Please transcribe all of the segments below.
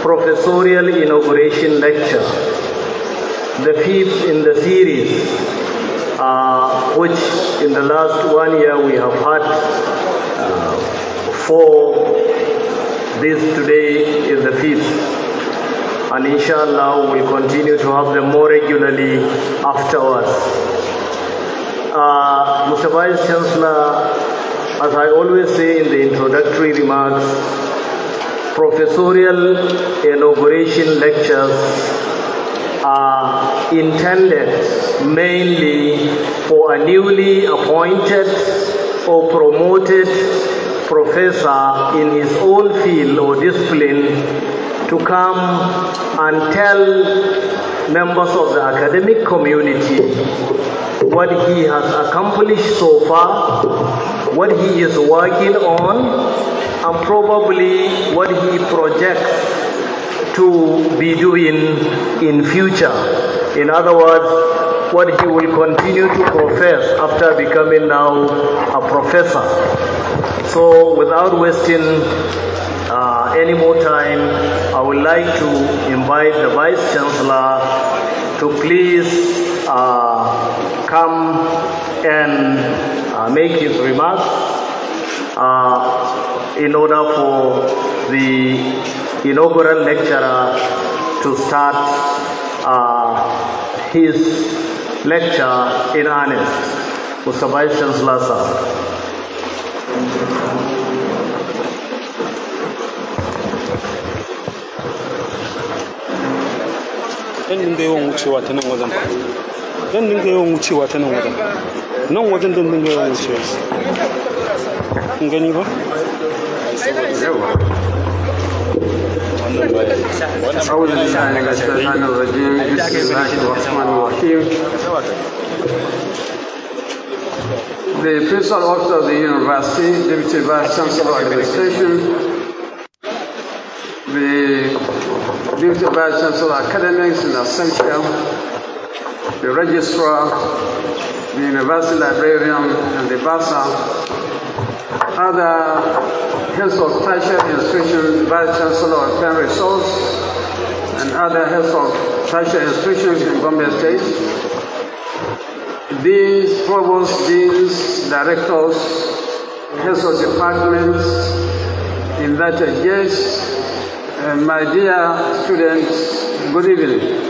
Professorial Inauguration Lecture, the fifth in the series, uh, which in the last one year we have had uh, four. This today is the fifth. And inshallah, we'll continue to have them more regularly afterwards. Uh, Mr. Vice Chancellor, as I always say in the introductory remarks, professorial inauguration lectures are intended mainly for a newly appointed or promoted professor in his own field or discipline to come and tell members of the academic community what he has accomplished so far, what he is working on, and probably what he projects to be doing in future. In other words, what he will continue to profess after becoming now a professor. So without wasting uh, any more time, I would like to invite the Vice Chancellor to please uh, come and uh, make his remarks. Uh, in order for the inaugural lecturer to start uh, his lecture in earnest. Mr. Vice Chancellor, Zan dinga yawan wucewa ta nan wajen. Zan dinga yawan wucewa ta nan wajen. Nan wajen zan dinga yawan wucewa. kun gani ba أعوذ بالله من الشيطان da بسم الله الرحمن الرحيم The principal officer of the university, Deputy Vice Chancellor of Administration, the Deputy Vice Chancellor Academics in Essential, the Registrar, the University Librarian, and the Bursar other heads of tertiary institutions, vice chancellor of primary resource, and other heads of tertiary institutions in Gombe State. These provost, deans, directors, heads of departments, invited guests, and my dear students, good evening.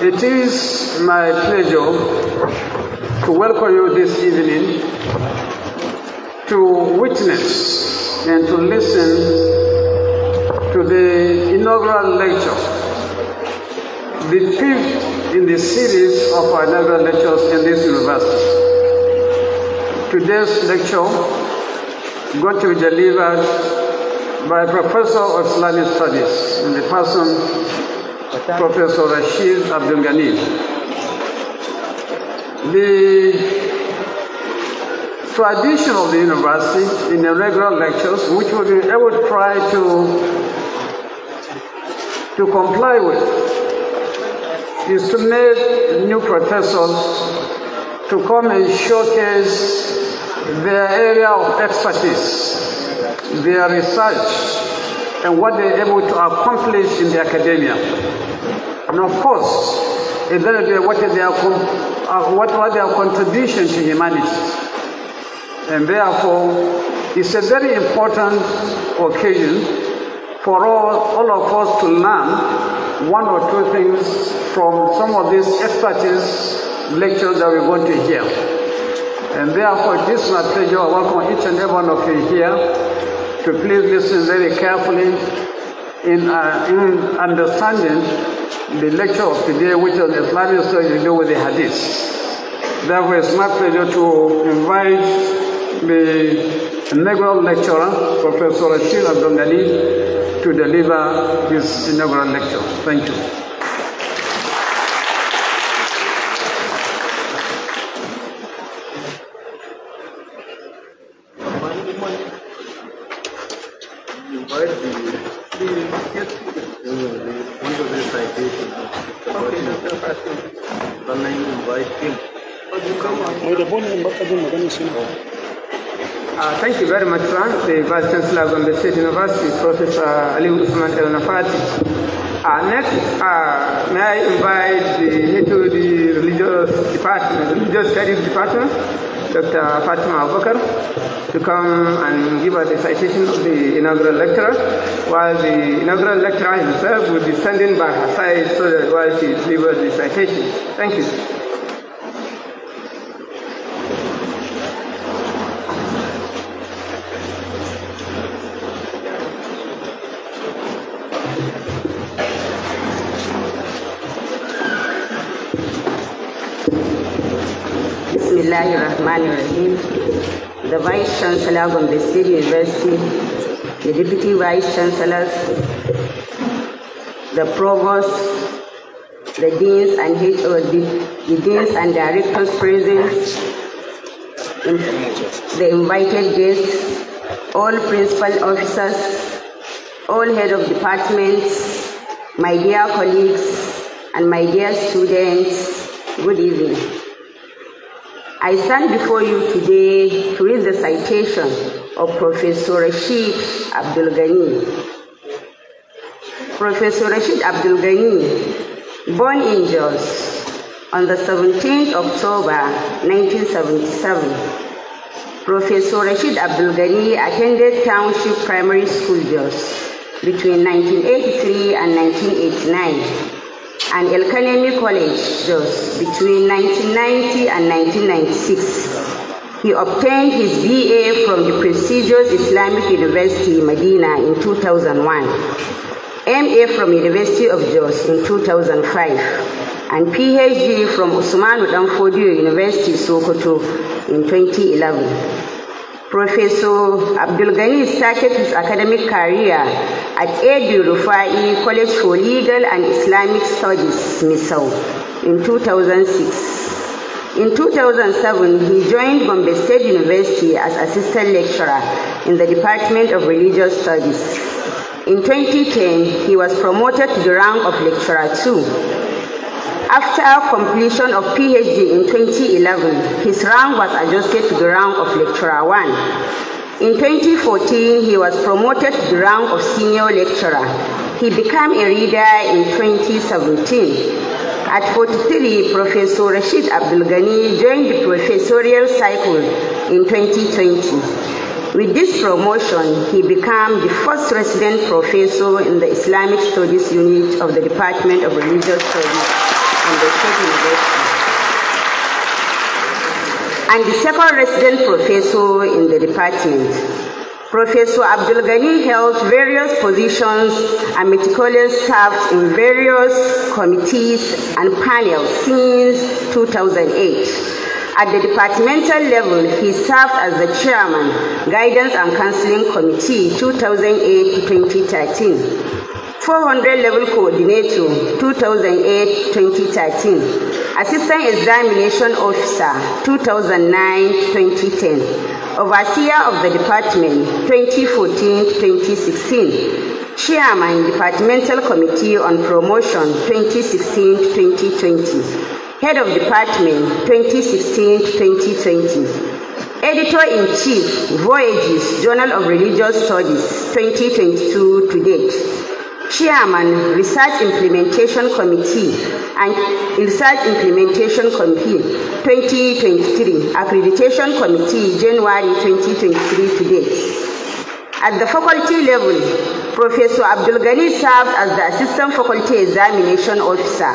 It is my pleasure to welcome you this evening to witness and to listen to the inaugural lecture, the fifth in the series of our inaugural lectures in this university. Today's lecture going to be delivered by a professor of Islamic studies in the person Professor Rashid Abdul Ghani. The tradition of the university in the regular lectures, which we would try to, to comply with, is to make new professors to come and showcase their area of expertise, their research, and what they're able to accomplish in the academia. And of course, what, their, uh, what, their contribution to humanity. And therefore, it's a very important occasion for all, all of us to learn one or two things from some of these expertise lectures that we're going to hear. And therefore, it is my pleasure. I welcome each and every one of you here to please listen very carefully in, uh, in understanding the lecture of today, which is Islamic study to do with the Hadith. Therefore, it's my pleasure to invite the inaugural lecturer, Professor Achil Abdul to deliver his inaugural lecture. Thank you. Majfran, the Vice Chancellor of Gombe State University, Professor Ali Usman El Nafati. Uh, next, uh, may I invite the the Religious Department, Religious Studies Department, Dr. Fatima Abubakar, to come and give us a citation of the inaugural lecturer, while the inaugural lecturer himself will be standing by her side so that while she delivers the citation. Thank you. the Vice Chancellor of the State University, the Deputy Vice Chancellors, the Provost, the Deans and HOD, the Deans and Directors present, the invited guests, all principal officers, all head of departments, my dear colleagues, and my dear students, good evening. I stand before you today to read the citation of Professor Rashid Abdul Ghani. Professor Rashid Abdul Ghani, born in Jos on the 17th October 1977. Professor Rashid Abdul Ghani attended Township Primary School Jos between 1983 and 1989 and Elkanemi College, between 1990 and 1996. He obtained his BA from the prestigious Islamic University, Medina, in 2001, MA from University of Jos in 2005 and PhD from Usmanu Danfodio University, Sokoto in 2011. Professor Abdul Ghani started his academic career at Edu Rufai College for Legal and Islamic Studies, Misau, in 2006. In 2007, he joined Bombay State University as assistant lecturer in the Department of Religious Studies. In 2010, he was promoted to the rank of lecturer 2 After completion of PhD in 2011, his rank was adjusted to the rank of Lecturer 1. In 2014, he was promoted to the rank of Senior Lecturer. He became a reader in 2017. At 43, Professor Rashid Abdulghani joined the professorial cycle in 2020. With this promotion, he became the first resident professor in the Islamic Studies unit of the Department of Religious Studies. And the second resident professor in the department. Professor Abdul Ghani held various positions and meticulously served in various committees and panels since 2008. At the departmental level, he served as the chairman, Guidance and Counseling Committee 2008 to 2013. 400 level coordinator 2008-2013 assistant examination officer 2009-2010 overseer of the department 2014-2016 chairman departmental committee on promotion 2016-2020 head of department 2016-2020 Editor in Chief, Voyages, Journal of Religious Studies, 2022 to date. Chairman, Research Implementation Committee and Research Implementation Committee 2023, Accreditation Committee, January 2023 to date. At the faculty level, Professor Abdul Ghani served as the Assistant Faculty Examination Officer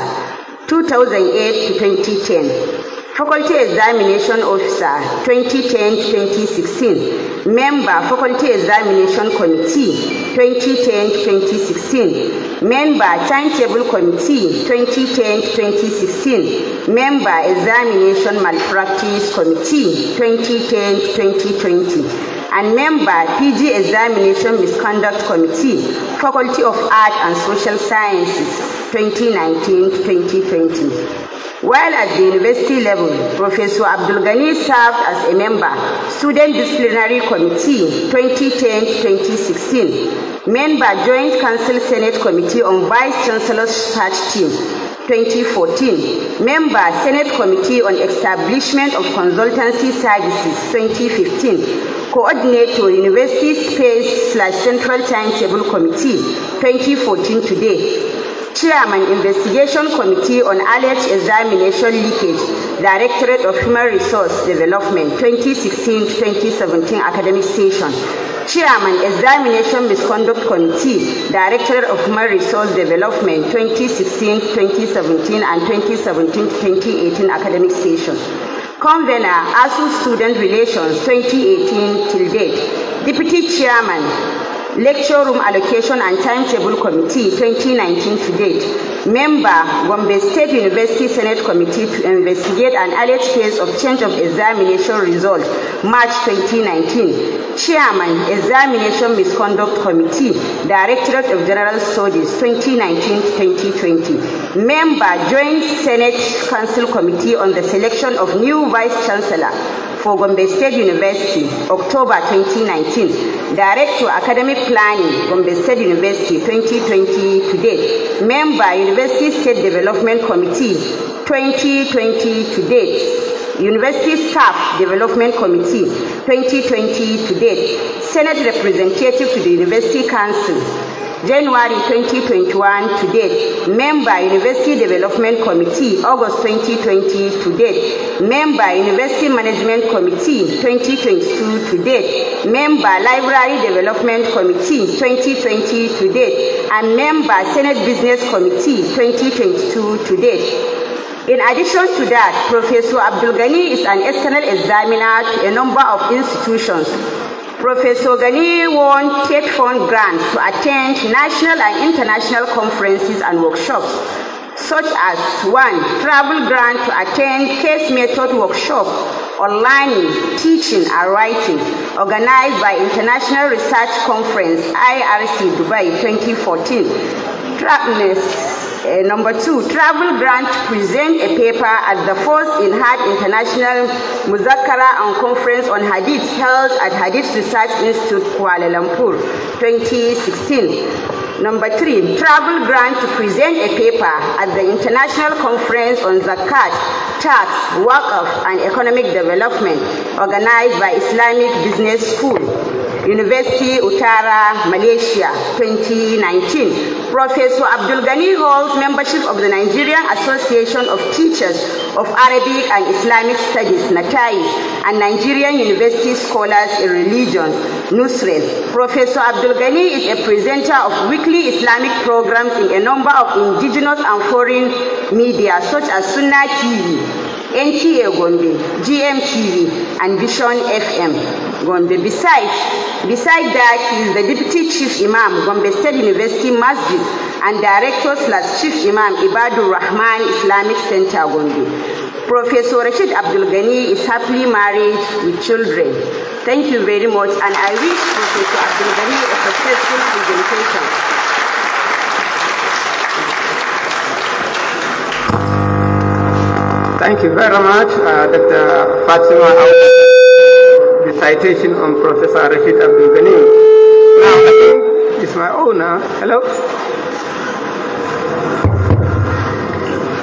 2008 to 2010. Faculty Examination Officer 2010-2016, Member Faculty Examination Committee 2010-2016, Member Timetable Committee 2010-2016, Member Examination Malpractice Committee 2010-2020 and member PG Examination Misconduct Committee, Faculty of Art and Social Sciences 2019-2020. While at the university level, Professor Ghani served as a member, Student Disciplinary Committee 2010-2016, member Joint Council Senate Committee on Vice Chancellor's Search Team 2014, member Senate Committee on Establishment of Consultancy Services 2015, coordinator University Space Central Timetable Committee 2014 today, Chairman Investigation Committee on Alleged Examination Leakage, Directorate of Human Resource Development 2016-2017 Academic Session. Chairman Examination Misconduct Committee, Directorate of Human Resource Development 2016-2017 and 2017-2018 Academic Session. Convener, ASU Student Relations 2018 till date. Deputy Chairman, lecture room allocation and timetable committee 2019 to date member gombe state university senate committee to investigate an alleged case of change of examination result march 2019 chairman examination misconduct committee directorate of general studies 2019-2020 member joint senate council committee on the selection of new vice chancellor for Gombe State University, October 2019. Director Academic Planning, Gombe State University 2020 to date. Member University State Development Committee 2020 to date. University Staff Development Committee 2020 to date. Senate Representative to the University Council January 2021 to date, member University Development Committee, August 2020 to date, member University Management Committee 2022 to date, member Library Development Committee 2020 to date, and member Senate Business Committee 2022 to date. In addition to that, Professor Abdulgani is an external examiner to a number of institutions Professor Gali won State Fund grants to attend national and international conferences and workshops, such as one travel grant to attend case method workshop on learning, teaching, and writing, organized by International Research Conference IRC Dubai 2014. Trapness uh, number two, Travel Grant to present a paper at the fourth in International Muzakara and Conference on Hadith held at Hadith Research Institute, Kuala Lumpur, 2016. Number three, Travel Grant to present a paper at the International Conference on Zakat, Tax, Work of and Economic Development organized by Islamic Business School, University Utara, Malaysia, 2019. Professor Abdul Ghani holds membership of the Nigerian Association of Teachers of Arabic and Islamic Studies, NATAI, and Nigerian University Scholars in Religion, Nusret. Professor Abdul Ghani is a presenter of weekly Islamic programs in a number of indigenous and foreign media, such as Sunna TV, NTA Gombe, GMTV, and Vision FM. Gombe. Besides, besides that, he is the Deputy Chief Imam, Gombe State University Masjid, and Director slash Chief Imam, Ibadur Rahman Islamic Center, Gombe. Professor Rashid Abdul Ghani is happily married with children. Thank you very much, and I wish Professor Abdul Ghani a successful presentation. Thank you very much, uh, Dr. Fatima the citation on Professor Rashid Abdul Ghani. Now, I think it's my own Hello?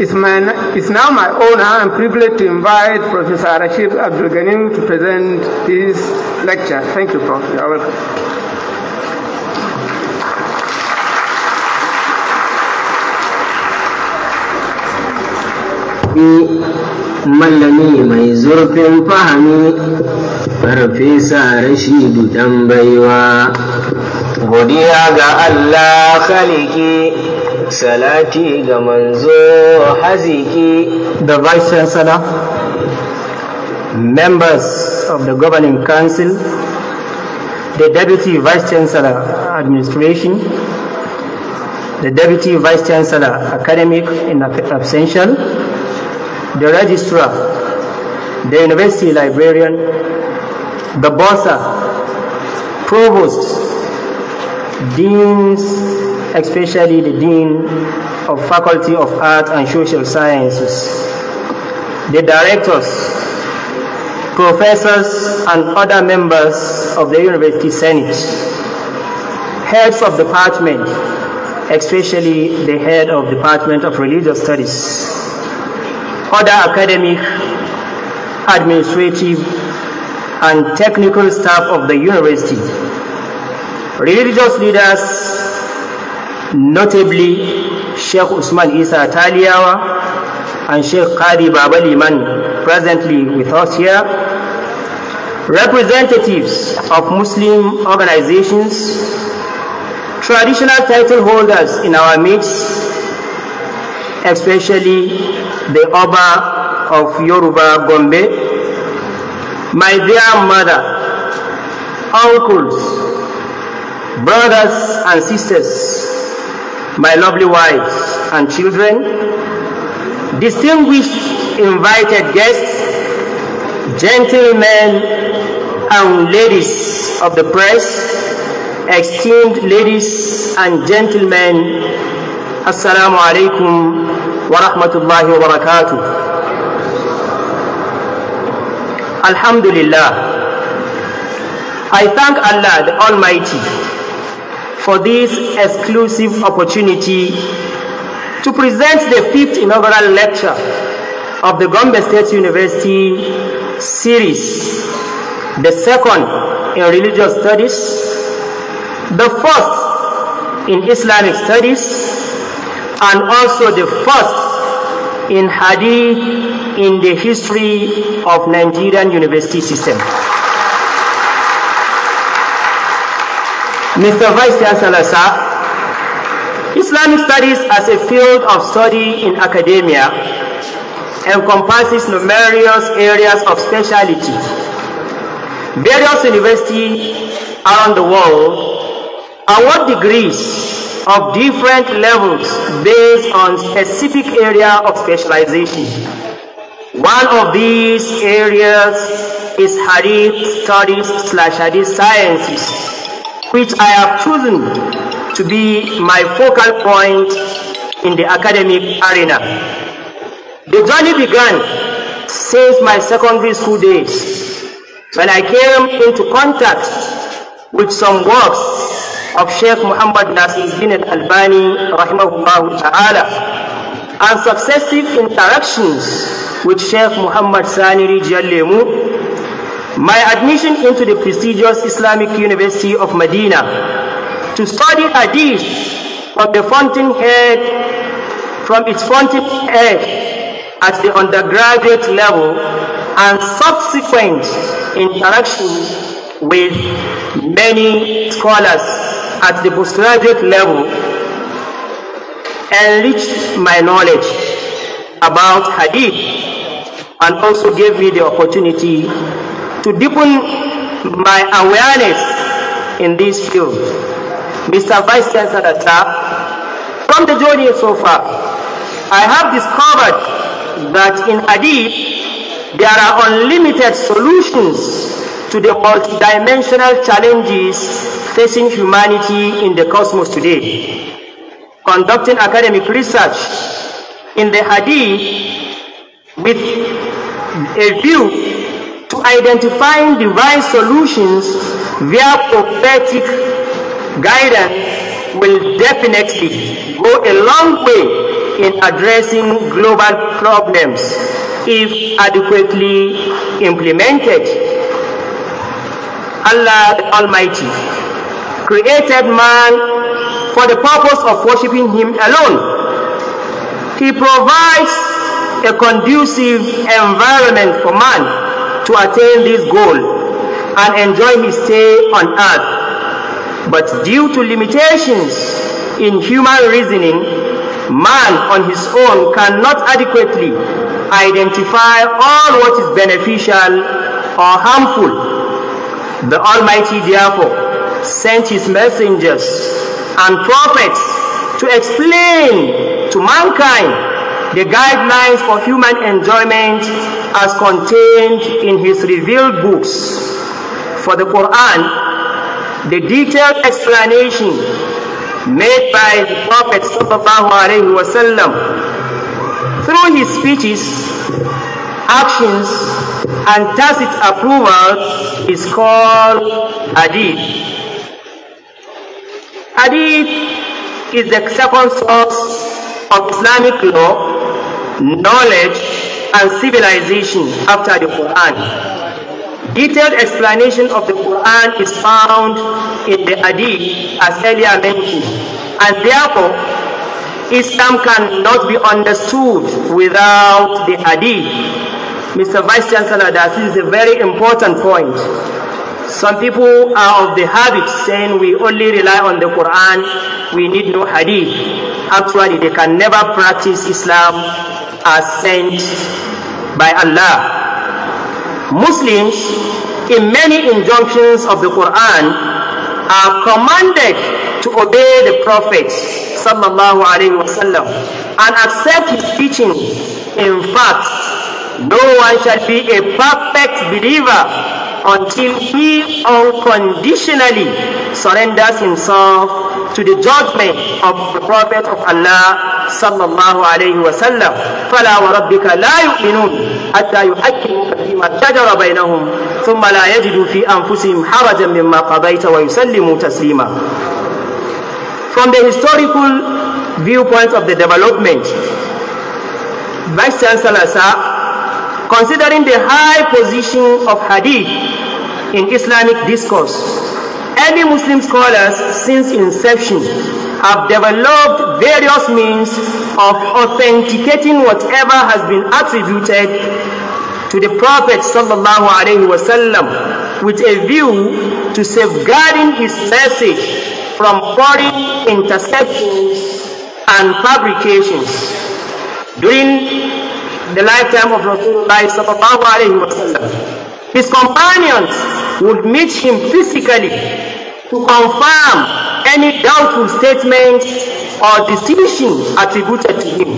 It's, my, it's now my honor and privilege to invite Professor Rashid Abdul Ghanim to present his lecture. Thank you, Prof. You're welcome. you. mallami mai zurfin fahami farfesa rashidu dan baiwa godiya ga allah khaliki salati ga manzo haziki the vice chancellor members of the governing council the deputy vice chancellor administration the deputy vice chancellor academic in absential the registrar, the university librarian, the bursar, provost, deans, especially the dean of Faculty of Art and Social Sciences, the directors, professors and other members of the University Senate, heads of department, especially the head of Department of Religious Studies, other academic, administrative, and technical staff of the university. Religious leaders, notably Sheikh Usman Isa Taliawa and Sheikh Qadi Babaliman, presently with us here, representatives of Muslim organizations, traditional title holders in our midst, especially the Oba of Yoruba Gombe, my dear mother, uncles, brothers and sisters, my lovely wives and children, distinguished invited guests, gentlemen and ladies of the press, esteemed ladies and gentlemen, Assalamu alaikum ورحمة الله وبركاته الحمد لله I thank Allah the Almighty for this exclusive opportunity to present the fifth inaugural lecture of the Gombe State University series, the second in religious studies, the first in Islamic studies, and also the first in Hadith in the history of Nigerian university system. Mr. Vice Chancellor, sir, Islamic studies as a field of study in academia encompasses numerous areas of specialty. Various universities around the world award degrees of different levels based on specific area of specialization. One of these areas is Hadith studies slash Hadith sciences, which I have chosen to be my focal point in the academic arena. The journey began since my secondary school days when I came into contact with some works of Sheikh Muhammad bin al-Albani rahimahullah ta'ala and successive interactions with Sheikh Muhammad Saniri Jalemu, my admission into the prestigious Islamic University of Medina to study hadith from the fountainhead from its fountainhead at the undergraduate level and subsequent interaction with many scholars at the postgraduate level enriched my knowledge about hadith and also gave me the opportunity to deepen my awareness in this field. Mr. Vice Chancellor Atta, from the journey so far, I have discovered that in hadith there are unlimited solutions to the multidimensional challenges facing humanity in the cosmos today. Conducting academic research in the Hadith with a view to identifying the right solutions via prophetic guidance will definitely go a long way in addressing global problems if adequately implemented Allah the Almighty, created man for the purpose of worshiping Him alone. He provides a conducive environment for man to attain this goal and enjoy his stay on earth. But due to limitations in human reasoning, man on his own cannot adequately identify all what is beneficial or harmful the Almighty therefore sent his messengers and prophets to explain to mankind the guidelines for human enjoyment as contained in his revealed books. For the Quran, the detailed explanation made by the Prophet through his speeches, actions, and tacit approval is called hadith. Hadith is the second source of Islamic law, knowledge, and civilization after the Quran. Detailed explanation of the Quran is found in the hadith as earlier mentioned, and therefore Islam cannot be understood without the hadith Mr. Vice Chancellor, that is a very important point. Some people are of the habit saying we only rely on the Quran, we need no hadith. Actually, they can never practice Islam as sent by Allah. Muslims, in many injunctions of the Quran, are commanded to obey the Prophet sallallahu alaihi and accept his teaching. In fact, no one shall be a perfect believer until he unconditionally surrenders himself to the judgment of the Prophet of Allah sallallahu alayhi wa sallam. فَلَا وَرَبِّكَ لَا يُؤْمِنُونَ حَتَّى يُحَكِّمُكَ شَجَرَ بَيْنَهُمْ ثُمَّ لَا يَجِدُوا فِي أَنفُسِهِمْ حَرَجًا مِمَّا قَضَيْتَ وَيُسَلِّمُوا تَسْلِيمًا From the historical viewpoint of the development, Vice Chancellor Sir considering the high position of hadith in Islamic discourse, any Muslim scholars since inception have developed various means of authenticating whatever has been attributed to the Prophet sallallahu alaihi wasallam with a view to safeguarding his message from foreign interceptions and fabrications. During in the lifetime of Rasulullah sallallahu wasallam. His companions would meet him physically to confirm any doubtful statements or decision attributed to him.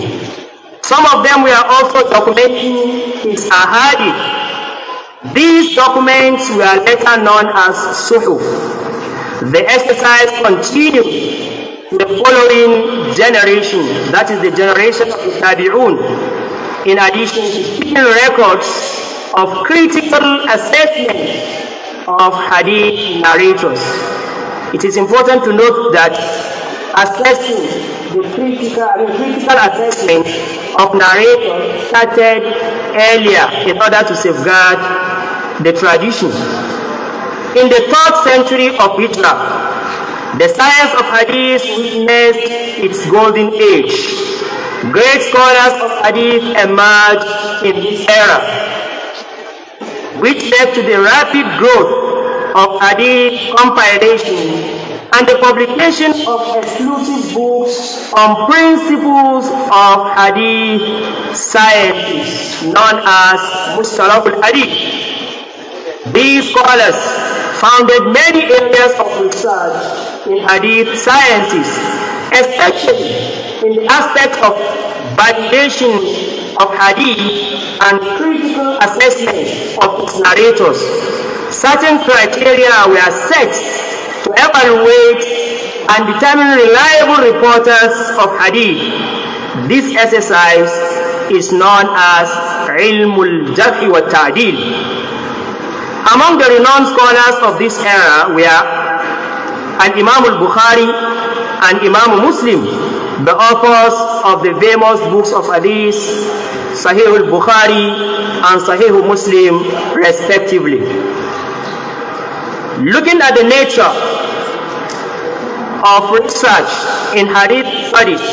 Some of them were also documenting his ahadi. These documents were later known as suhuf. The exercise continued in the following generation, that is the generation of the Tabi'un, in addition to keeping records of critical assessment of hadith narrators. It is important to note that assessing the critical, critical assessment of narrators started earlier in order to safeguard the tradition. In the third century of Islam, the science of hadith witnessed its golden age Great scholars of hadith emerged in this era, which led to the rapid growth of hadith compilation and the publication of exclusive books on principles of hadith sciences known as Mustalaf al-Hadith. These scholars founded many areas of research in hadith sciences, especially in the aspect of validation of hadith and critical assessment of its narrators. Certain criteria were set to evaluate and determine reliable reporters of hadith. This exercise is known as ilmul jafi wa ta'dil. Among the renowned scholars of this era were an Imam al-Bukhari and Imam Muslim the authors of the famous books of Hadith, Sahih al-Bukhari and Sahih muslim respectively. Looking at the nature of research in Hadith studies,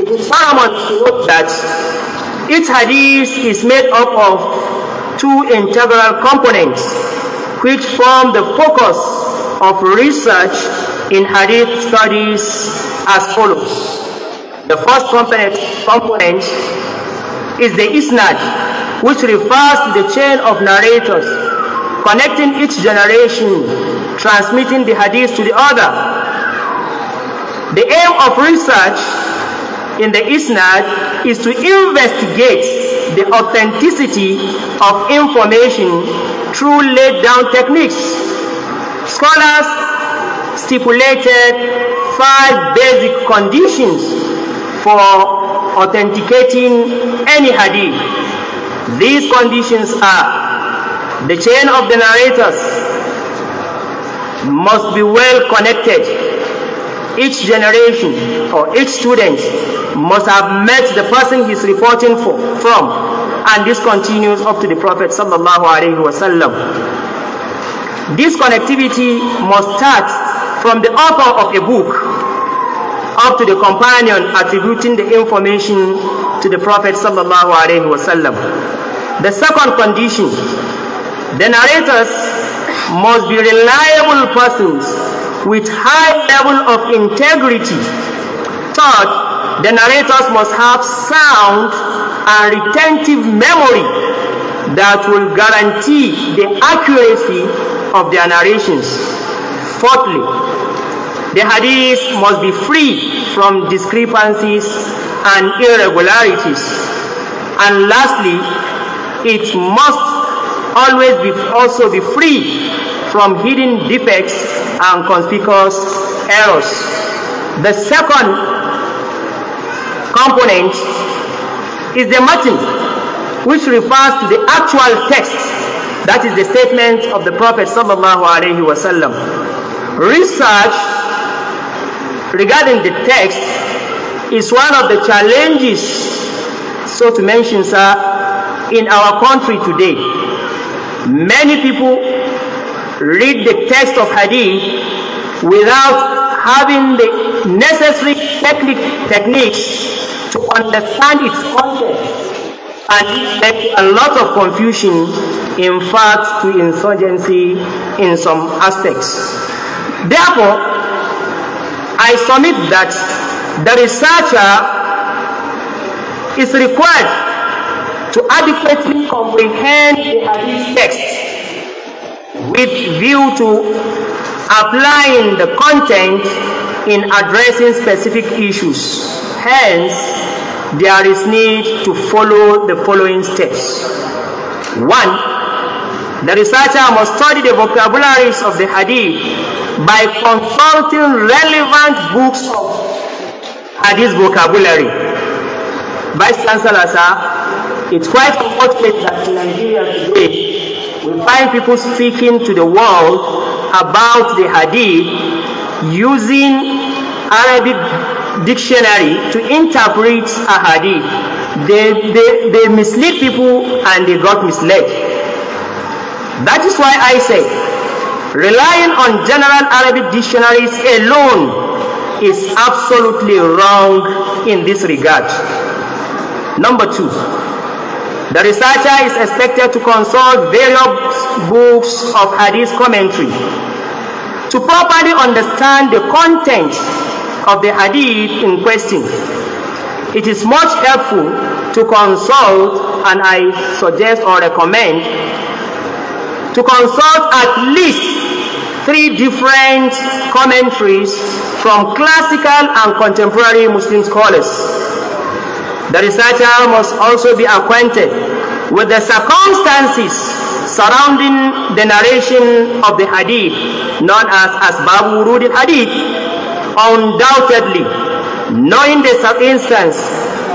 it is paramount to note that each Hadith is made up of two integral components which form the focus of research in Hadith studies as follows. The first component, component is the Isnad, which refers to the chain of narrators connecting each generation, transmitting the Hadith to the other. The aim of research in the Isnad is to investigate the authenticity of information through laid down techniques Scholars stipulated five basic conditions for authenticating any hadith. These conditions are the chain of the narrators must be well connected. Each generation or each student must have met the person he's reporting for, from and this continues up to the Prophet this connectivity must start from the author of a book up to the companion attributing the information to the Prophet sallallahu alaihi wasallam. The second condition, the narrators must be reliable persons with high level of integrity. Third, the narrators must have sound and retentive memory that will guarantee the accuracy of their narrations. Fourthly, the hadith must be free from discrepancies and irregularities. And lastly, it must always be also be free from hidden defects and conspicuous errors. The second component is the matin, which refers to the actual text that is the statement of the Prophet sallallahu alaihi wasallam. Research regarding the text is one of the challenges, so to mention, sir, in our country today. Many people read the text of hadith without having the necessary techniques to understand its content and a lot of confusion, in fact, to insurgency in some aspects. Therefore, I submit that the researcher is required to adequately comprehend the Hadith text with view to applying the content in addressing specific issues. Hence, there is need to follow the following steps. One, the researcher must study the vocabularies of the hadith by consulting relevant books of hadith vocabulary. Vice Chancellor, sir, it's quite unfortunate that in Nigeria today we find people speaking to the world about the hadith using Arabic dictionary to interpret a hadith. They, they, they mislead people and they got misled. That is why I say, relying on general Arabic dictionaries alone is absolutely wrong in this regard. Number two, the researcher is expected to consult various books of hadith commentary to properly understand the content of the hadith in question. It is much helpful to consult, and I suggest or recommend, to consult at least three different commentaries from classical and contemporary Muslim scholars. The researcher must also be acquainted with the circumstances surrounding the narration of the hadith known as Asbabu Rudil Hadith undoubtedly knowing the instance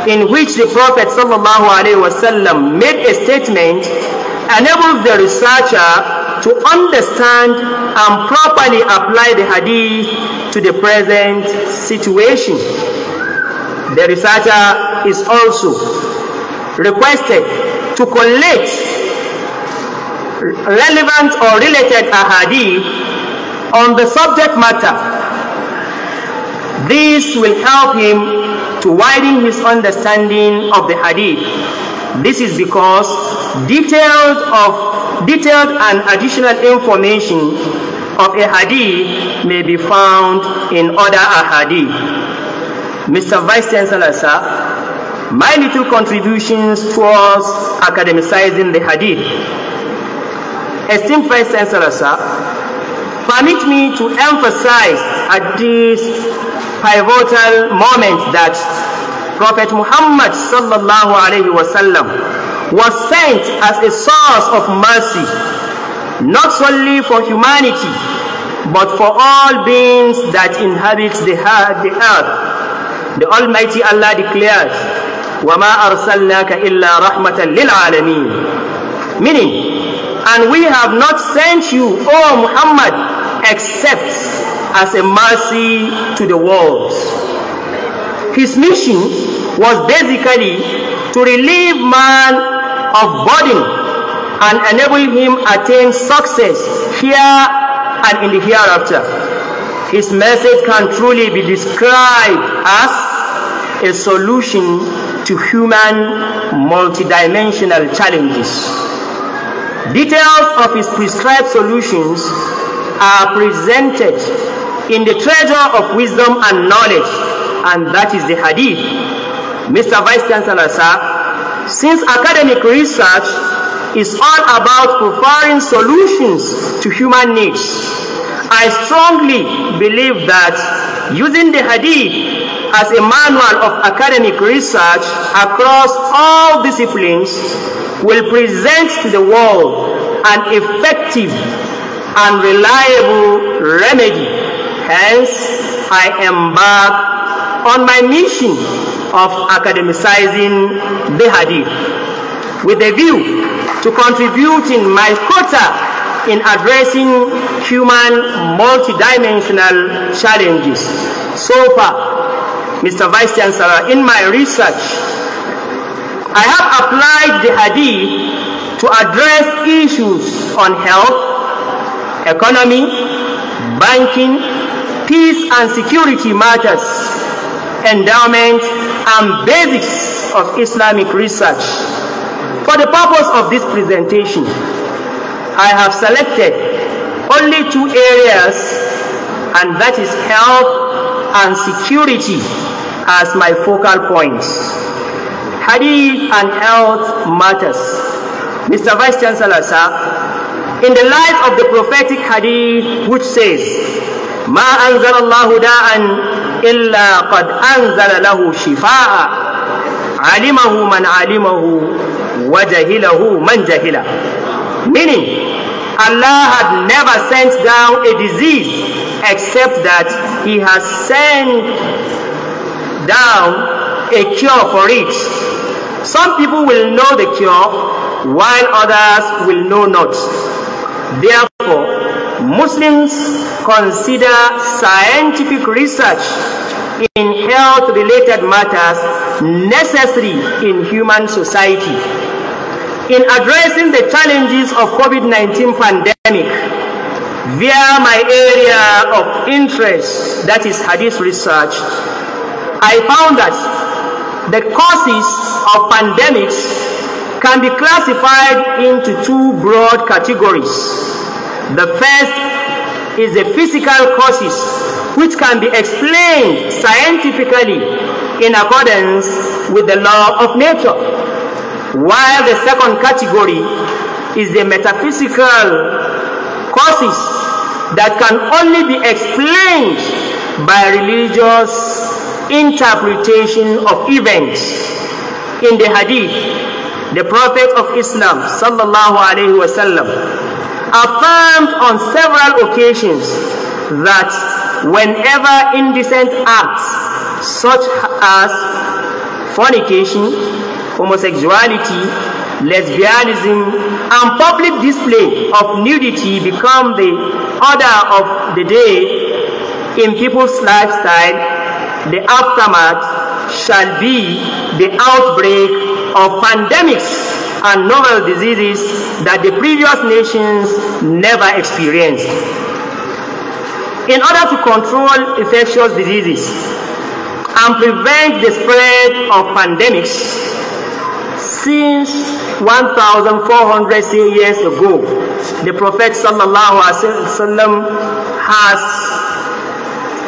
in which the Prophet ﷺ made a statement enables the researcher to understand and properly apply the hadith to the present situation. The researcher is also requested to collect relevant or related ahadith on the subject matter this will help him to widen his understanding of the hadith. This is because details of detailed and additional information of a hadith may be found in other ahadith. Mr. Vice Chancellor, sir, my little contributions towards academicizing the hadith. Esteemed Vice Chancellor, sir, permit me to emphasize at this pivotal moment that Prophet Muhammad sallallahu alayhi wasallam was sent as a source of mercy, not solely for humanity, but for all beings that inhabit the earth. The Almighty Allah declares, وَمَا أَرْسَلْنَاكَ إِلَّا رَحْمَةً لِلْعَالَمِينَ Meaning, and we have not sent you, O Muhammad, except as a mercy to the world. His mission was basically to relieve man of burden and enable him attain success here and in the hereafter. His message can truly be described as a solution to human multidimensional challenges. Details of his prescribed solutions are presented in the treasure of wisdom and knowledge, and that is the hadith. Mr. Vice Chancellor, sir, since academic research is all about providing solutions to human needs, I strongly believe that using the hadith as a manual of academic research across all disciplines will present to the world an effective and reliable remedy. Hence, I embark on my mission of academicizing the Hadith with a view to contributing my quota in addressing human multidimensional challenges. So far, Mr. Vice Chancellor, in my research, I have applied the Hadith to address issues on health, economy, banking, peace and security matters, endowment, and basics of Islamic research. For the purpose of this presentation, I have selected only two areas, and that is health and security as my focal points. Hadith and health matters. Mr. Vice Chancellor, sir, in the light of the prophetic hadith which says, ما أنزل الله داء إلا قد أنزل له شفاء alimahu man alimahu wa jahilahu man jahila meaning Allah had never sent down a disease except that he has sent down a cure for it some people will know the cure while others will know not Therefore, Muslims consider scientific research in health-related matters necessary in human society. In addressing the challenges of COVID-19 pandemic, via my area of interest, that is Hadith research, I found that the causes of pandemics can be classified into two broad categories. The first is the physical causes which can be explained scientifically in accordance with the law of nature, while the second category is the metaphysical causes that can only be explained by religious interpretation of events. In the hadith, the Prophet of Islam sallallahu alaihi wasallam affirmed on several occasions that whenever indecent acts such as fornication, homosexuality, lesbianism, and public display of nudity become the order of the day in people's lifestyle, the aftermath shall be the outbreak of pandemics and novel diseases that the previous nations never experienced. In order to control infectious diseases and prevent the spread of pandemics, since 1,400 years ago, the Prophet sallallahu wasallam has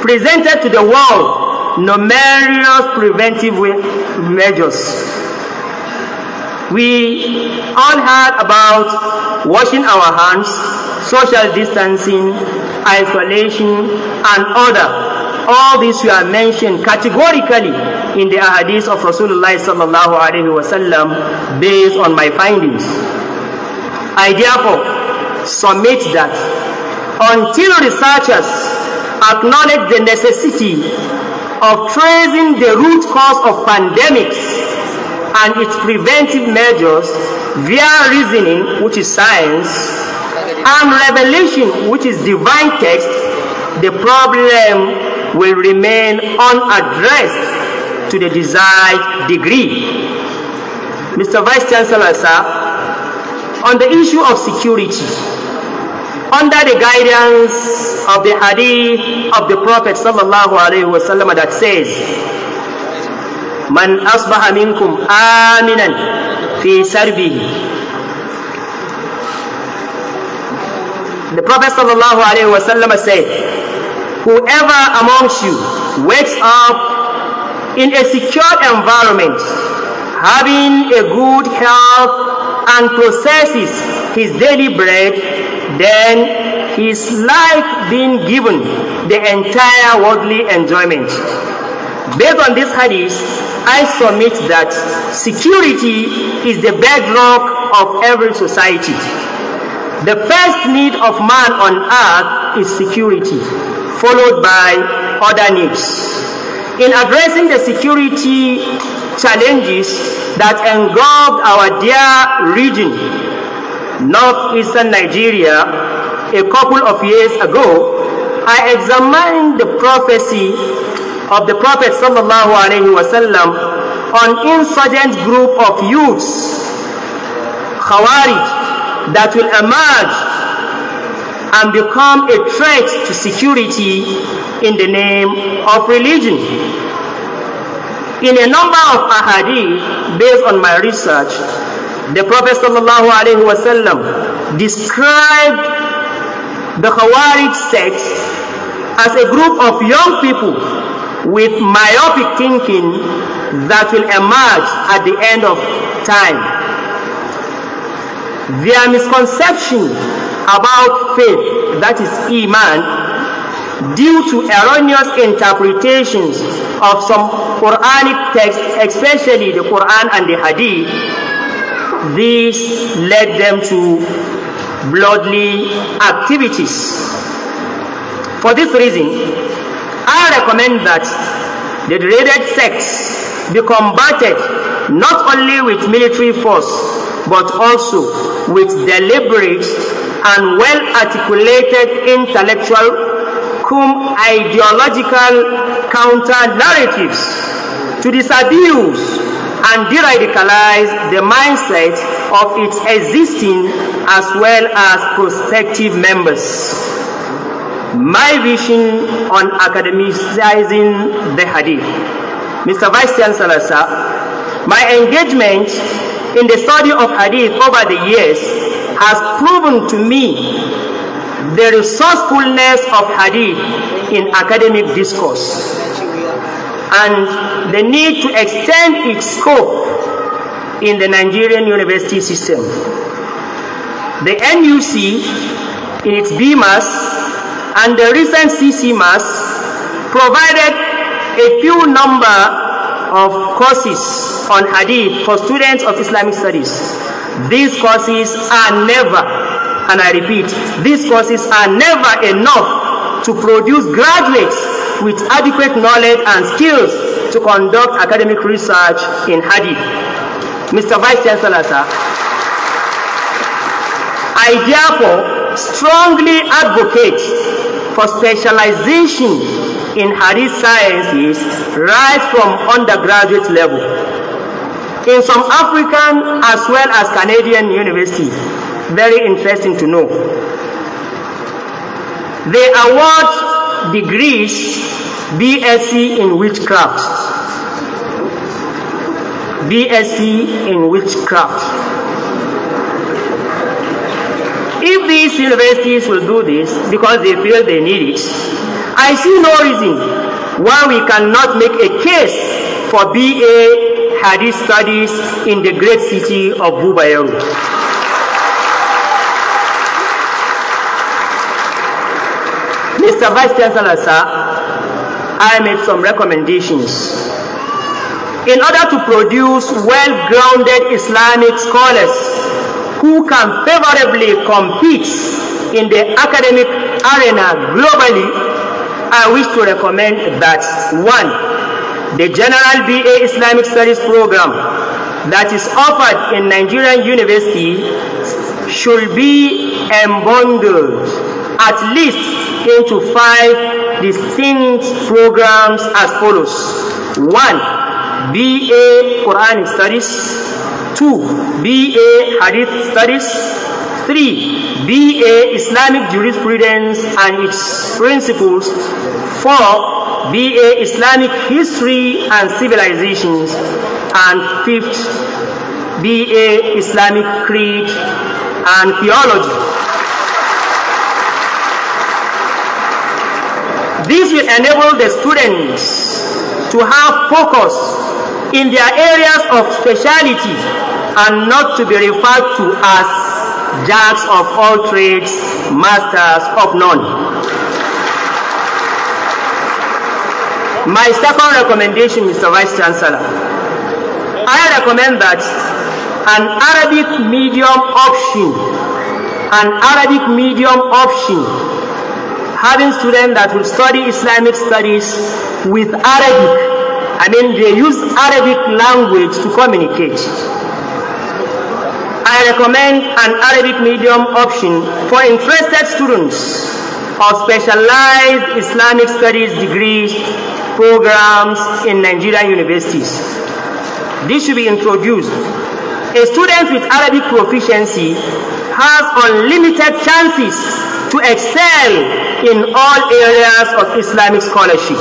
presented to the world numerous preventive measures we all heard about washing our hands, social distancing, isolation, and other. All these were mentioned categorically in the ahadith of Rasulullah sallallahu alaihi wasallam based on my findings. I therefore submit that until researchers acknowledge the necessity of tracing the root cause of pandemics and its preventive measures via reasoning, which is science, and revelation, which is divine text, the problem will remain unaddressed to the desired degree. Mr. Vice Chancellor, sir, on the issue of security, under the guidance of the hadith of the Prophet sallallahu alaihi wasallam that says, man asbaha minkum aminan fi sarbihi The Prophet ﷺ said, Whoever amongst you wakes up in a secure environment, having a good health, and processes his daily bread, then his life being given the entire worldly enjoyment. Based on this hadith, I submit that security is the bedrock of every society. The first need of man on earth is security, followed by other needs. In addressing the security challenges that engulfed our dear region, northeastern Nigeria, a couple of years ago, I examined the prophecy of the Prophet sallallahu alaihi wasallam on insurgent group of youths, Khawarij, that will emerge and become a threat to security in the name of religion. In a number of ahadith, based on my research, the Prophet ﷺ described the Khawarij sect as a group of young people with myopic thinking that will emerge at the end of time. Their misconception about faith, that is Iman, due to erroneous interpretations of some Quranic texts, especially the Quran and the Hadith, this led them to bloodly activities. For this reason, I recommend that the related sex be combated not only with military force but also with deliberate and well articulated intellectual cum ideological counter narratives to disabuse and de-radicalise the mindset of its existing as well as prospective members my vision on academicizing the Hadith. Mr. Vice Chancellor, sir, my engagement in the study of Hadith over the years has proven to me the resourcefulness of Hadith in academic discourse and the need to extend its scope in the Nigerian university system. The NUC, in its BMAS, and the recent CC Mass provided a few number of courses on Hadith for students of Islamic studies. These courses are never, and I repeat, these courses are never enough to produce graduates with adequate knowledge and skills to conduct academic research in Hadith. Mr. Vice Chancellor, sir, I therefore strongly advocate for specialization in Hadith sciences right from undergraduate level. In some African as well as Canadian universities, very interesting to know. They award degrees BSc in witchcraft. BSc in witchcraft. these universities will do this because they feel they need it. I see no reason why we cannot make a case for BA Hadith studies in the great city of Bubayaru. Mr. Vice Chancellor, sir, I made some recommendations. In order to produce well-grounded Islamic scholars who can favorably compete in the academic arena globally, I wish to recommend that one, the General BA Islamic Studies program that is offered in Nigerian university should be embundled at least into five distinct programs as follows. One, BA Quranic Studies, 2. BA Hadith Studies 3. BA Islamic Jurisprudence and its Principles 4. BA Islamic History and Civilizations and 5th BA Islamic Creed and Theology This will enable the students to have focus in their areas of speciality and not to be referred to as jacks of all trades, masters of none. My second recommendation, Mr. Vice Chancellor, I recommend that an Arabic medium option, an Arabic medium option, having students that will study Islamic studies with Arabic I mean, they use Arabic language to communicate. I recommend an Arabic medium option for interested students of specialized Islamic studies degrees programs in Nigerian universities. This should be introduced. A student with Arabic proficiency has unlimited chances to excel in all areas of Islamic scholarship.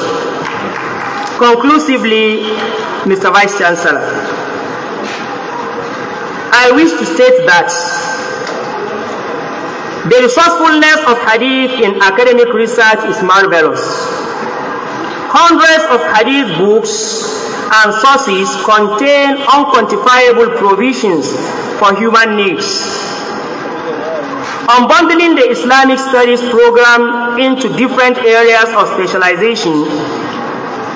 Conclusively, Mr. Vice Chancellor, I wish to state that the resourcefulness of Hadith in academic research is marvelous. Hundreds of Hadith books and sources contain unquantifiable provisions for human needs. Unbundling the Islamic studies program into different areas of specialization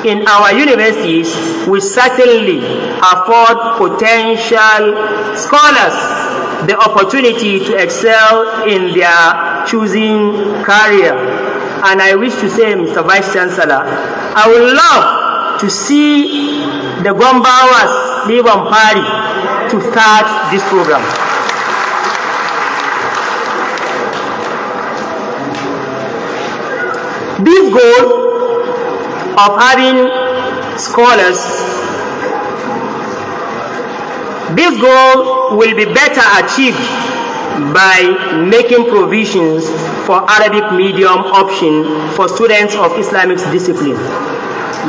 in our universities we certainly afford potential scholars the opportunity to excel in their choosing career. And I wish to say, Mr. Vice Chancellor, I would love to see the Gombawas leave on party to start this program. This goal of having scholars. This goal will be better achieved by making provisions for Arabic medium option for students of Islamic discipline.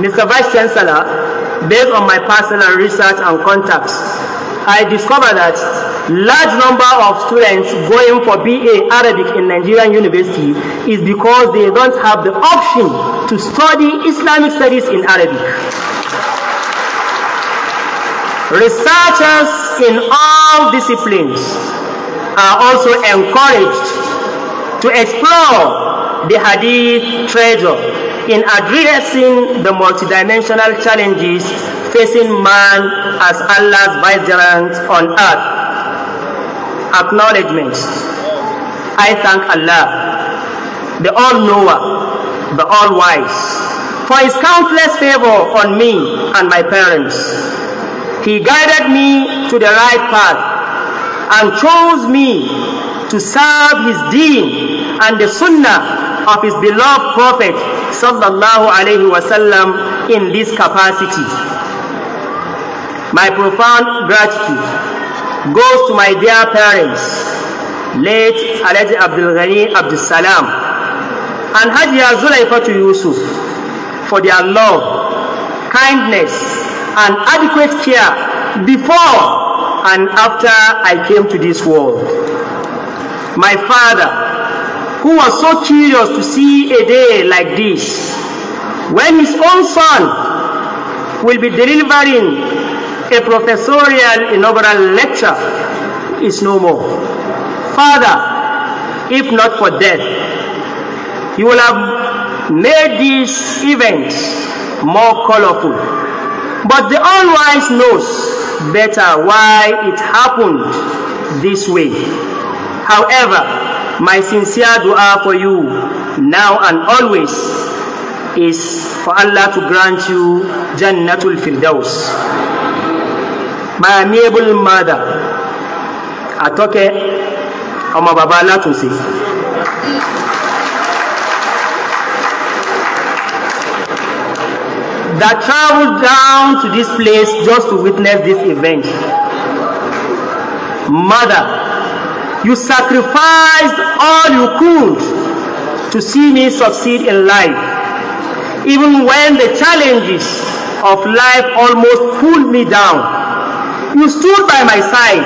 Mr. Vice Chancellor, based on my personal research and contacts, I discovered that large number of students going for BA Arabic in Nigerian university is because they don't have the option to study Islamic studies in Arabic. Researchers in all disciplines are also encouraged to explore the Hadith treasure in addressing the multidimensional challenges Facing man as Allah's vicegerent on earth. Acknowledgements. I thank Allah, the All-Knower, the All-Wise, for His countless favor on me and my parents. He guided me to the right path and chose me to serve His deen and the sunnah of His beloved Prophet sallallahu alaihi wasallam in this capacity. My profound gratitude goes to my dear parents, late Alhaji Abdul Ghani Abdul Salam and Hajiya to Yusuf for their love, kindness, and adequate care before and after I came to this world. My father, who was so curious to see a day like this, when his own son will be delivering a professorial inaugural lecture is no more. Father, if not for death, you will have made these events more colorful. But the unwise knows better why it happened this way. However, my sincere dua for you now and always is for Allah to grant you Jannatul Firdaus able mother àtọ́kẹ́ ọmọ bàbá see. that traveled down to this place just to witness this event. Mother, you sacrificed all you could to see me succeed in life, even when the challenges of life almost pulled me down. You stood by my side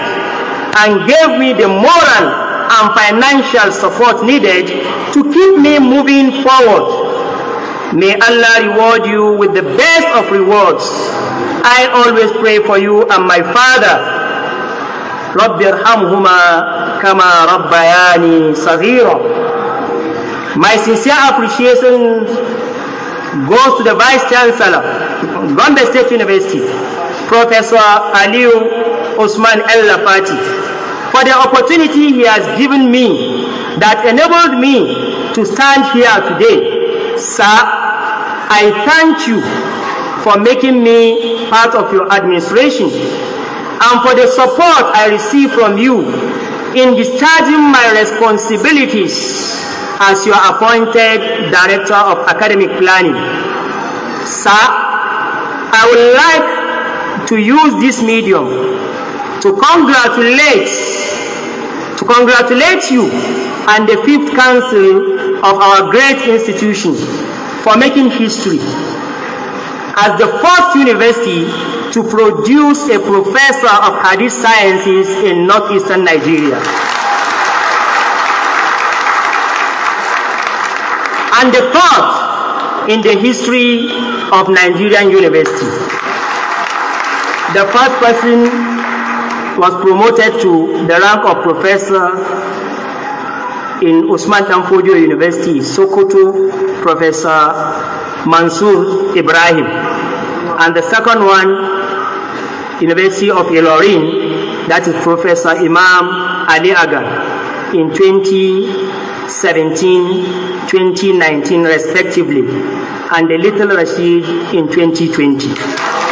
and gave me the moral and financial support needed to keep me moving forward. May Allah reward you with the best of rewards. I always pray for you and my father. رب ارحمهما كما ربياني صغيرا My sincere appreciation goes to the Vice Chancellor, Gombe State University, Professor Aliu Osman El Lafati, for the opportunity he has given me that enabled me to stand here today. Sir, I thank you for making me part of your administration and for the support I receive from you in discharging my responsibilities as your appointed Director of Academic Planning. Sir, I would like to use this medium to congratulate to congratulate you and the fifth council of our great institution for making history as the first university to produce a professor of hadith sciences in northeastern Nigeria. And the third in the history of Nigerian universities. The first person was promoted to the rank of professor in Usman Danfodio University, Sokoto, Professor Mansur Ibrahim. And the second one, University of Ilorin, that is Professor Imam Ali Agar, in 2017, 2019 respectively, and the Little Rashid in 2020.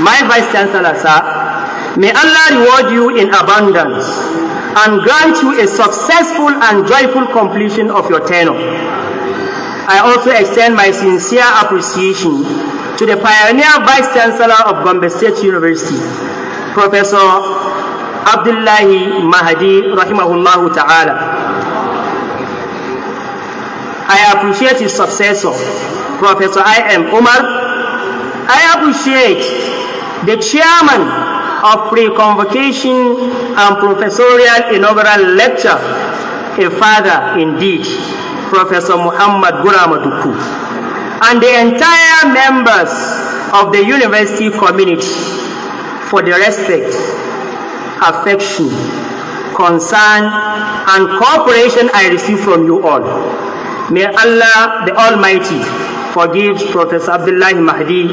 My Vice Chancellor, sir, may Allah reward you in abundance and grant you a successful and joyful completion of your tenure. I also extend my sincere appreciation to the pioneer Vice Chancellor of Gombe State University, Professor Abdullahi Mahdi Rahimahullahu Ta'ala. I appreciate his successor, Professor I.M. Umar. I appreciate the chairman of pre-convocation and professorial inaugural lecture, a father indeed, Professor Muhammad Guramaduku, and the entire members of the university community for the respect, affection, concern, and cooperation I receive from you all. May Allah the Almighty forgives Professor Abdullah Mahdi.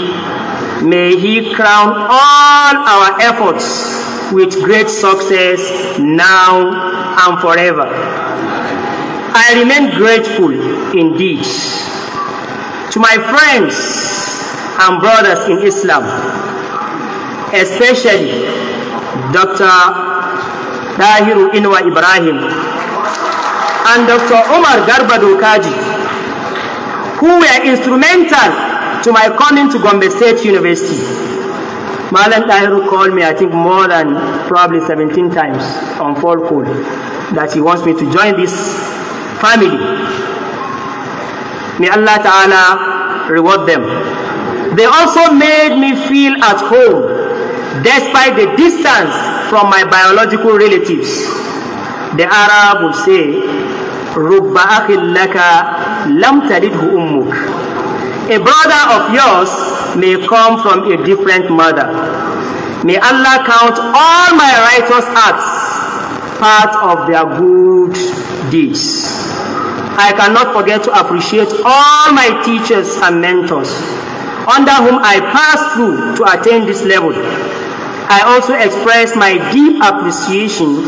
May he crown all our efforts with great success now and forever. I remain grateful indeed to my friends and brothers in Islam, especially Dr. Dahiru Inwa Ibrahim and Dr. Omar Garba Dokaji who were instrumental to my coming to Gombe State University. Marlon Tahiru called me, I think, more than probably 17 times on phone call that he wants me to join this family. May Allah Ta'ala reward them. They also made me feel at home despite the distance from my biological relatives. The Arab would say, Rubba akhin laka lam talidhu ummuk. A brother of yours may come from a different mother. May Allah count all my righteous acts part of their good deeds. I cannot forget to appreciate all my teachers and mentors under whom I passed through to attain this level. I also express my deep appreciation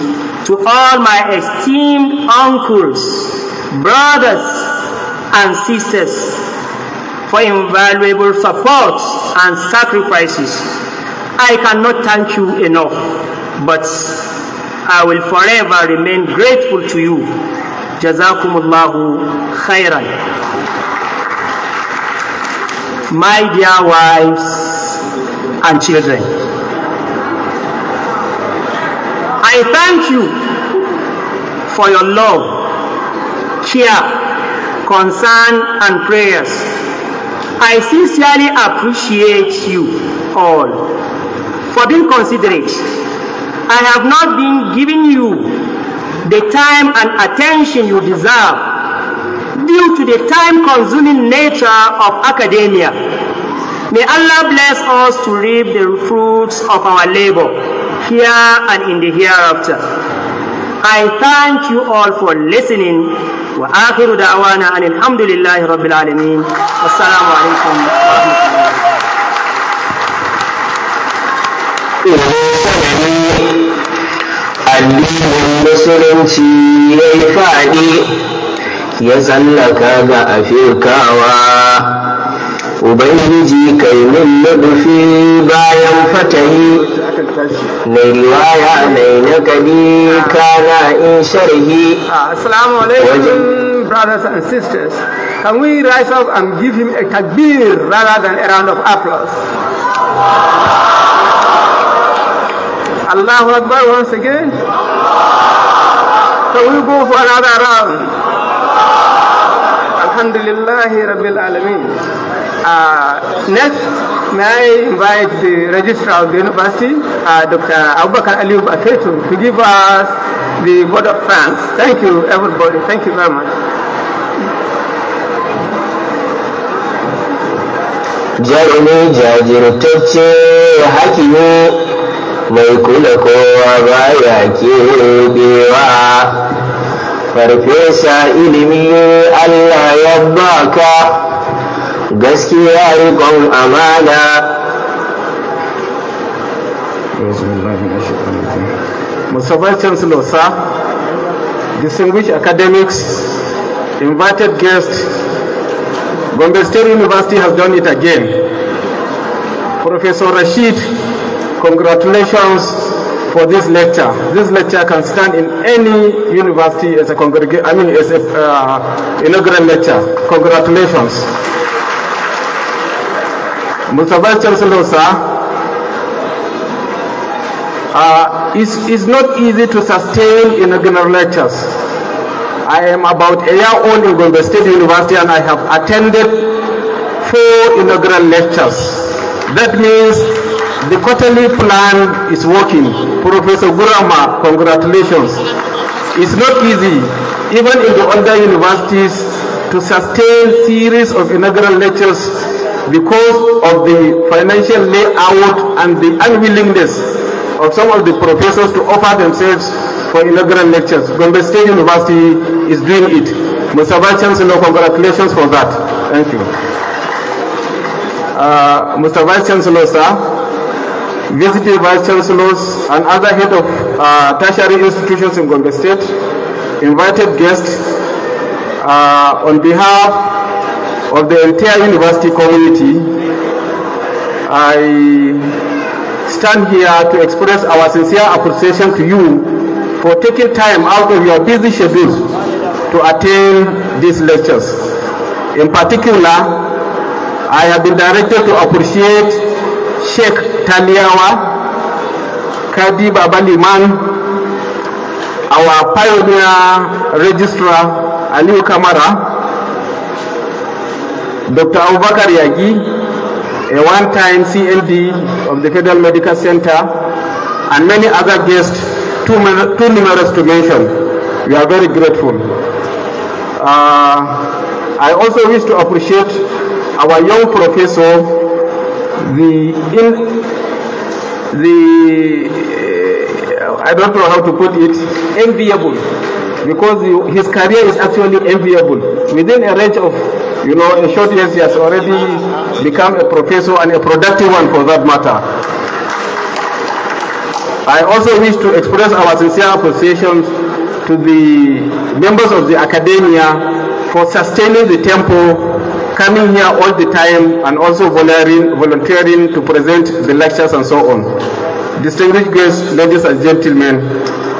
to all my esteemed uncles, brothers, and sisters for invaluable support and sacrifices. I cannot thank you enough, but I will forever remain grateful to you. Jazakumullahu khairan. My dear wives and children, I thank you for your love, care, concern, and prayers. I sincerely appreciate you all for being considerate. I have not been giving you the time and attention you deserve due to the time-consuming nature of academia. May Allah bless us to reap the fruits of our labor. here and in the hereafter. I thank you all for listening. وآخر دعوانا أن الحمد لله رب العالمين والسلام عليكم ورحمة الله musulunci ya yi ya tsallaka ga afirkawa ubangiji kai min ladufi bayan fatahi mai liwaya mai nagari kana in sharhi assalamu alaikum brothers and sisters can we rise up and give him a takbir rather than a round of applause Allahu Akbar once again so we go for another round Alhamdulillahi Rabbil Alameen Uh, next, may I invite the registrar of the university, uh, Dr. Abubakar Aliou Aketu, to give us the word of thanks. Thank you, everybody. Thank you very much. jami'i jajirtacce hakimi mai kula farfesa ilimi allah ya baka gaskiya rikon amana Mr. Vice Chancellor, sir, distinguished academics, invited guests, Gombe State University has done it again. Professor Rashid, congratulations for this lecture. This lecture can stand in any university as a congregation, I mean as a uh, inaugural lecture. Congratulations. Mutabatir Salosa, uh, it's, it's not easy to sustain inaugural lectures. I am about a year old in Golden State University and I have attended four inaugural lectures. That means the quarterly plan is working. Professor Gurama, congratulations. It's not easy, even in the older universities, to sustain series of inaugural lectures because of the financial layout and the unwillingness of some of the professors to offer themselves for inaugural lectures. Gombe State University is doing it. Mr. Vice Chancellor, congratulations for that. Thank you. Uh, Mr. Vice Chancellor, sir, visiting Vice Chancellors and other head of uh, tertiary institutions in Gombe State, invited guests, uh, on behalf of the entire university community, I stand here to express our sincere appreciation to you for taking time out of your busy schedules to attend these lectures. In particular, I have been directed to appreciate Sheikh Taliawa, Kadi Babaliman, our pioneer registrar, Aliu Kamara, Dr. Abubakar Yagi, a one-time CMD of the Federal Medical Center, and many other guests, too, too numerous to mention. We are very grateful. Uh, I also wish to appreciate our young professor, the, in, the uh, I don't know how to put it, enviable, because his career is actually enviable within a range of you know, in short years, he has already become a professor and a productive one for that matter. I also wish to express our sincere appreciation to the members of the academia for sustaining the tempo, coming here all the time, and also volunteering to present the lectures and so on. Distinguished guests, ladies and gentlemen,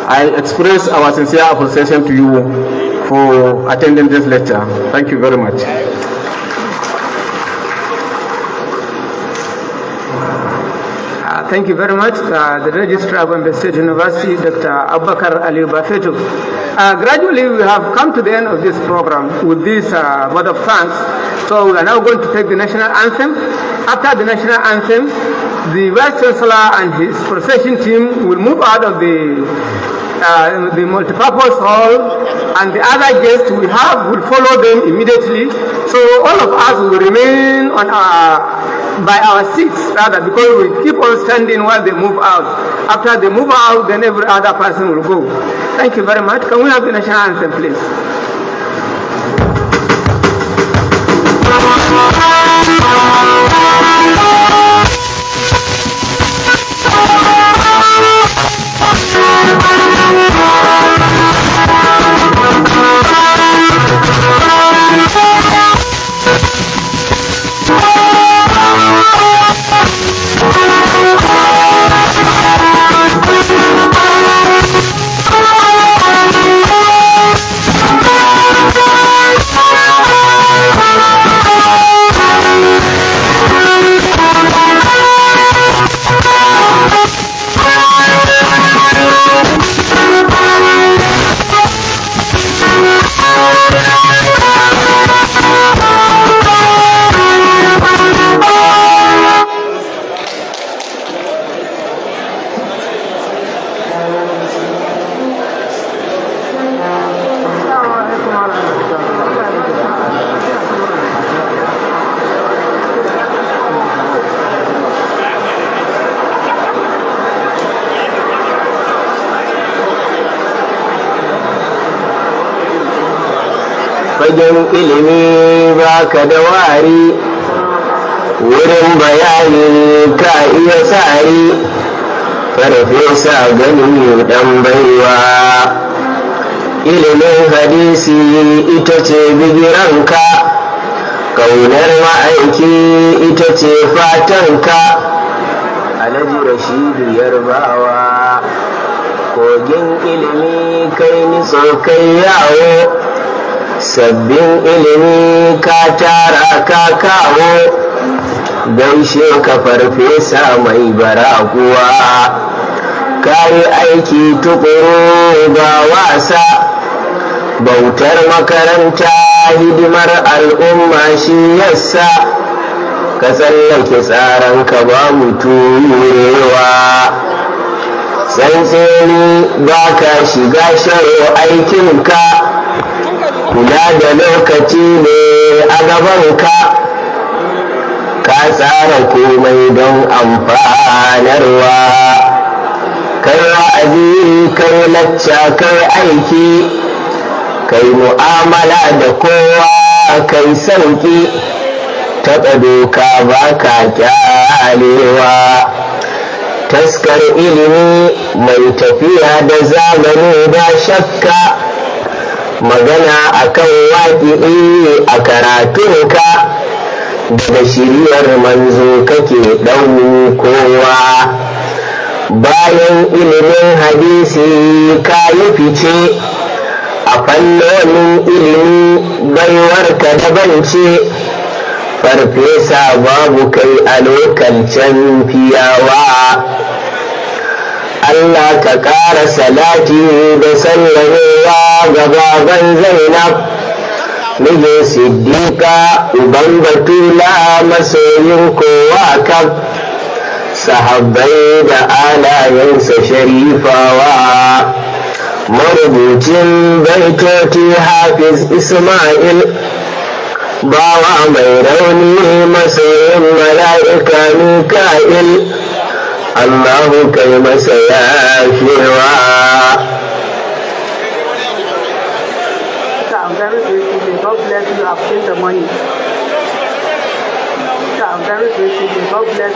I express our sincere appreciation to you for attending this lecture. Thank you very much. Uh, thank you very much, uh, the Registrar of Bombay State University, Dr. Abakar Ali Bafetu. Uh, gradually, we have come to the end of this program with this uh, word of thanks. So we are now going to take the national anthem. After the national anthem, the Vice Chancellor and his procession team will move out of the uh, the multipurpose hall and the other guests we have will follow them immediately. So all of us will remain on our, by our seats rather because we keep on standing while they move out. After they move out, then every other person will go. Thank you very much. Can we have the national anthem, please? wajen ilimi ba ka da wari wurin bayani ka iya sari farfesa ganin dan baiwa ilimin hadisi ita ce bigiranka kaunar ma'aiki ita ce fatanka alaji rashidu yarbawa kogin ilimi kai ni kai yawo sabbin ilimi ka tara ka kawo gaishe ka farfesa mai bara kuwa. ka yi aiki tukuru ba wasa bautar makaranta hidimar al'umma shi yassa ka tsallake tsaranka babu turewa tsantseni ba ka shiga shawo aikinka guda da lokaci ne a gabanka ka tsara komai don amfanarwa kai wa'azi kai lacca kai aiki kai mu'amala da kowa kai sauki taɓa doka ba ka kyalewa taskar ilimi mai tafiya da zamani da shakka magana akan waƙi'i a karatun karatunka daga shiriyar manzo kake kowa bayan ilimin hadisi ka yi fice a fannonin ilimi baiwarka daban ce farfesa babu kai a lokacin fiyawa Allah ka ƙara salati da sallamewa ga baban zainab mijin siddiƙa uban batula masoyin kowa kam sahabbai da alayensa sharifawa marubucin baitoci hafiz ismail bawa mai rauni masoyin mala'ika mika'il allahu kai masa yafewa obtain the money. So I'm very grateful. God bless.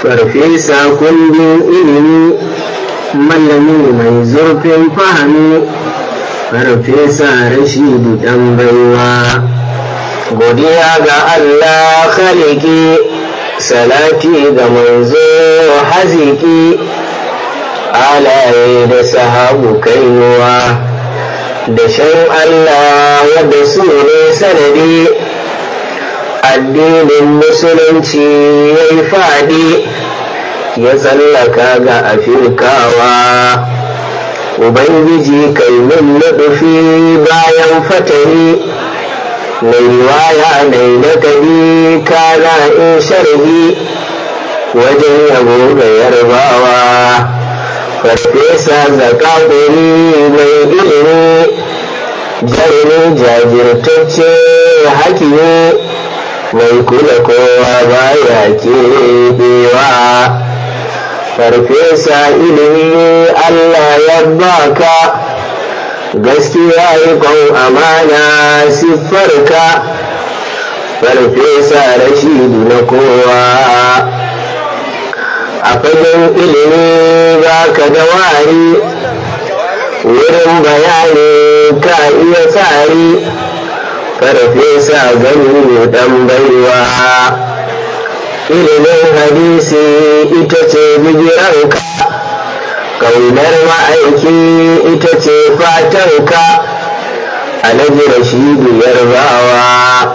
Farfesa kundin ilimi mallami mai zurfin fahimi Farfesa Rashidu ɗan baiwa. Godiya ga Allah khaliki salati ga manzo haziki. alaye da sahabu nuwa da shan Allah wadda su ne sanadi addinin musulunci ya yi faɗi ya tsallaka ga afirkawa ubangiji kai min nufi bayan fatari mai riwaya mai nakari kara in sharhi wajen yabo ga yarbawa farfesa zaka mai ilimi jarumi jajirtacce hakimi mai kula kowa baya keɓewa farfesa ilimi allah ya baka gaskiya ikon amana siffarka farfesa rashidi na kowa a fagen ilimi ba ka da wari wurin bayani ka iya tsari farfesa gani dan baiwa ilimin hadisi ita ce bigiranka kaunar ma'aiki ita ce fatanka alhaji rashidu yarbawa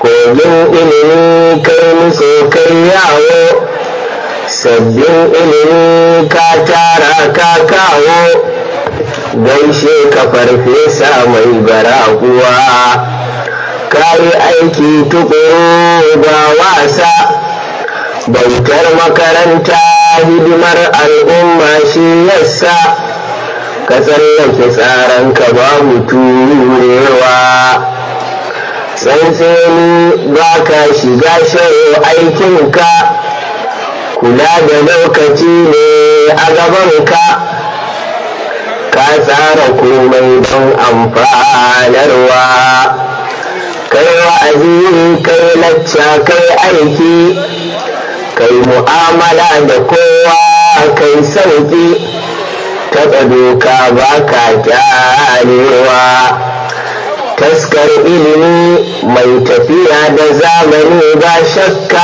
kogin ilimi kai musu kai yawo sabbin ilimi ka tara ka kawo gaishe ka farfesa mai baraguwa ka yi aiki tukuru ba wasa bautar makaranta hidimar al'umma shi yassa ka tsallake tsaranka babu sai ni ba ka shiga aikin aikinka kula da lokaci ne a gabanka ka tsara komai don amfanarwa kai wa'azi kai lacca kai aiki kai mu'amala da kowa kai sauki ta doka ba ka kyanewa taskar ilimi mai tafiya da zamani ba shakka